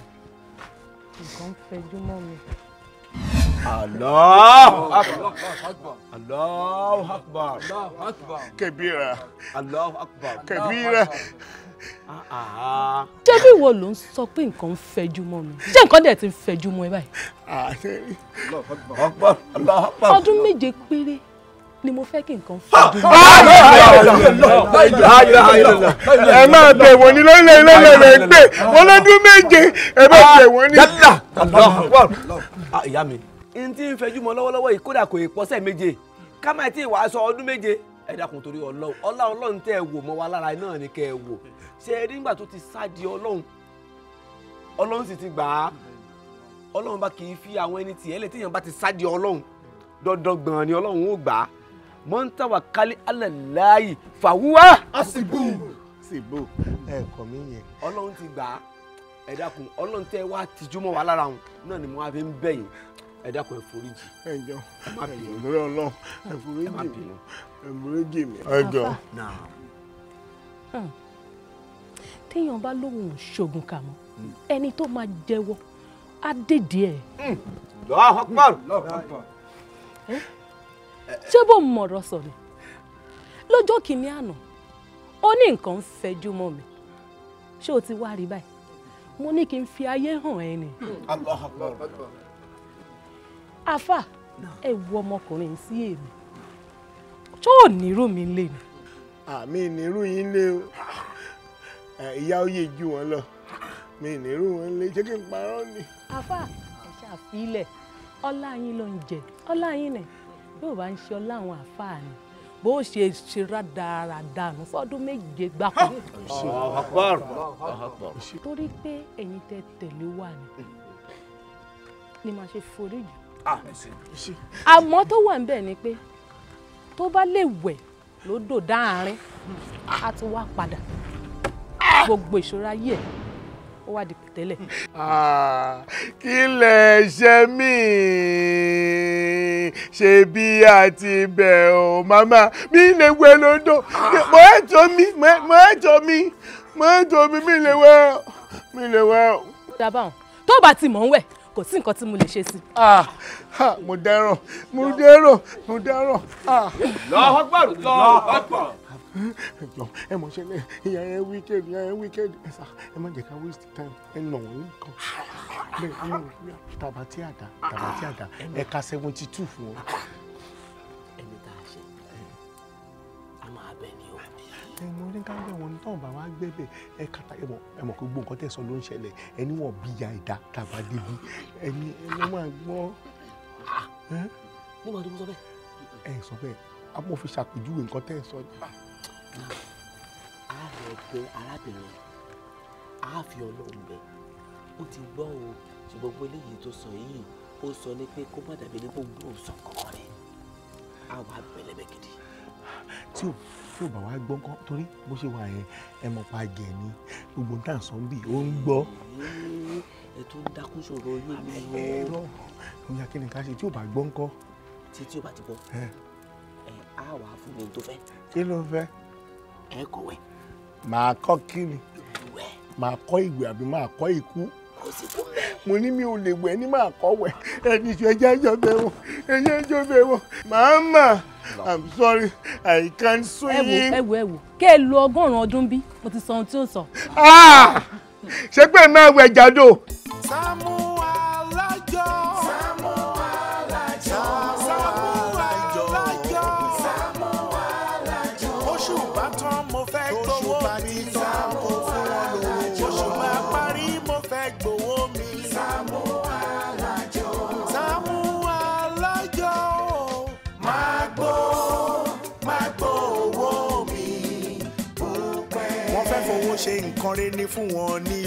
Nǹkan fẹ̀ jù mọ́ mi. Allah, akbar. Allah, akbar. Allahu akbar. Kabira. Allahu akbar. Kabira. Ṣé bí ìwọ ló ń sọ pé nǹkan ń fẹjú mọ́ mi? Ṣé nǹkan dẹ̀ ti ń fẹjú mọ́ ẹ báyìí? Ọdún méje péré ni mo fẹ́ kí nǹkan fún un. ẹ máa bẹ̀ wọ́n ní lọ́lẹ̀ lọ́lẹ̀ rẹ̀ pé wọ́n lọ́dún méje ẹ máa bẹ̀ wọ́n ní. ìyá mi n tí ń fẹjú mọ lọ́wọ́lọ́wọ́ yìí kódà kò yẹ pọ́sẹ̀ méje ká má wàá sọ ọdún méje ẹ dákun torí ọlọ́run ọlá ọlọ́run tẹ́ ẹ wò mọ́ wa lára náà ni kẹ́ ẹ wò ṣe é nígbà tó ti sáàdì ọlọ́run ọlọ́run sì ti gbà á ọlọ́run bá kì í fi àwọn ẹni tì ẹ́ lẹ́tí èèyàn bá ti sáàdì ọlọ́run dandan gbọ̀n ni ọlọ́run ó gbà á mọ́ńtàwá kálí alẹ́ láàyè fàwúwá. àsìbò àsìbò ẹ̀kọ́ mi yẹn. ọlọ́run ti gbà á ẹ dákun ọlọ́run tẹ́ wá tìjú mọ́ wa lára òun náà ni mo wá fi ń bẹ̀yìn ẹ dákun ẹ foríjì. ẹ jọ ẹ jọ lórí Ọlọ́run ẹ foríjì mi ẹ foríjì mi. ẹ jọ. Hmm. téèyàn bá lóun ṣoògùn kà mọ hmm. ẹni tó máa jẹ́wọ́ á dèdè ẹ. lọ́ọ́ ọpọ́n lọ́ọ́ ọpọ́n. ṣé bó mọ̀rọ̀ sọ ni lọ́jọ́ kìíní àná ó ní nǹkan ń fẹjú mọ́ mi ṣé o ti wá rí báyìí mo ní kí n fi ayé hàn ẹ ni. Allah hmm. Allah afa ẹ wo ọmọkùnrin sí èmi tó ò nírú mi lé ni. àmì ìnírú yín lé o ìyá oyè ju wọn lọ mi ìnírú wọn lé jẹ́ kí n parọ́ ni. afa ẹ ṣàfilẹ̀ ọlá yín ló ń jẹ ọlá yín nì yóò bá ń ṣe ọlá àwọn àfáà ni bó ṣe ṣe rádaràdànù fọdún méje gbáko. torí pé ẹ̀yin tẹ tẹ̀lé wa ni ni màá ṣe foríjì Ah, àmọ́ tó wà ń bẹ̀ ni pé tó bá lè wẹ̀ lódò dáàrin á ti wá padà ah! gbogbo ìṣòro ayé ẹ̀ ó wá di pẹ̀tẹ́lẹ̀. Ah, kí lè ṣe mí ṣe bí àti bẹ̀ ọ́ màmá mi lè wẹ̀ lódò mo ẹ̀ tó mi mo ẹ̀ tó mi mo ẹ̀ tó mi mi lè wẹ̀ mi lè wẹ̀. dábàá tó bá ti mọ̀ ń wẹ̀ kò sí nǹkan tí mo lè ṣe sí. Ah, mo dẹ́rọ̀ mo dẹ́rọ̀ mo dẹ́rọ̀. Ah. lọ́ọ́ gbọ́dọ̀ lọ́ọ́ gbọ́dọ̀ ẹjọ ẹ mọ ṣẹlẹ ìyá yẹn wicked ìyá yẹn wicked ẹ sá ẹ má jẹ ká waste time ẹ nà wọn nìkan bẹ́ẹ̀ ẹ nà wọn tàbátí àdá tàbátí àdá ẹ ka seventy two fún ọ. ẹmọ ní ká bẹ̀ wọn tán bàbá gbẹ̀bẹ̀ ẹ kàtà ẹmọ ẹmọ kó gbọ́ nǹkan tẹ̀ sọ ló ń ṣẹlẹ̀ ẹni wọ́n bí ya ìdá tàbá débi ẹni ẹni máa gbọ́. nígbà tó ń sọ bẹ́ẹ̀. ẹ sọ bẹ́ẹ̀ a mọ̀ fi ṣàpèjúwe nǹkan tẹ̀ sọ. a lọ bẹ arábìnrin a fi ọlọ́run bẹ ó ti gbọ́ o ṣùgbọ́n gbogbo eléyìí tó sọ yìí ó sọ ní pé kó má dàbí ní gbogbo òsàn kankan rẹ̀ àwa bẹ̀lẹ̀bẹ̀ gidi tí ò tí ò bá wá gbọ́ nǹkan torí bó ṣe wà yẹn ẹ mọ̀ pa jẹ ni gbogbo ń tàn sọ́ńbì ó ń gbọ́. ẹ tó ń dákún sọ̀rọ̀ yé mi o. ẹ lọ ìyá kí ni ká ṣe tí ò bá gbọ́ nǹkan. tí tí ò bá ti gbọ́ ẹ á wà á fún mi tó fẹ́. kí ló fẹ́. ẹ kọ̀wé. màá kọ́ kí ni màá kọ́ ìwé àbí màá kọ́ ikú mo ní mi ò lè wẹ̀ ní màá kọ́ wẹ̀ ẹni ṣe ẹjẹ́ ẹjọ́ bẹ̀ wọ̀ ẹjẹ́ ẹjọ́ bẹ̀ wọ̀ màá mà i'm sorry i can't swim. ẹ wò ẹ wò ẹ wò kí ẹ lo ọgọ́rùn-ún ọdún bí mo ti sọ ohun tí ó sọ. Ah! ṣé pé ẹ máa wẹ̀ jáde o. fún ní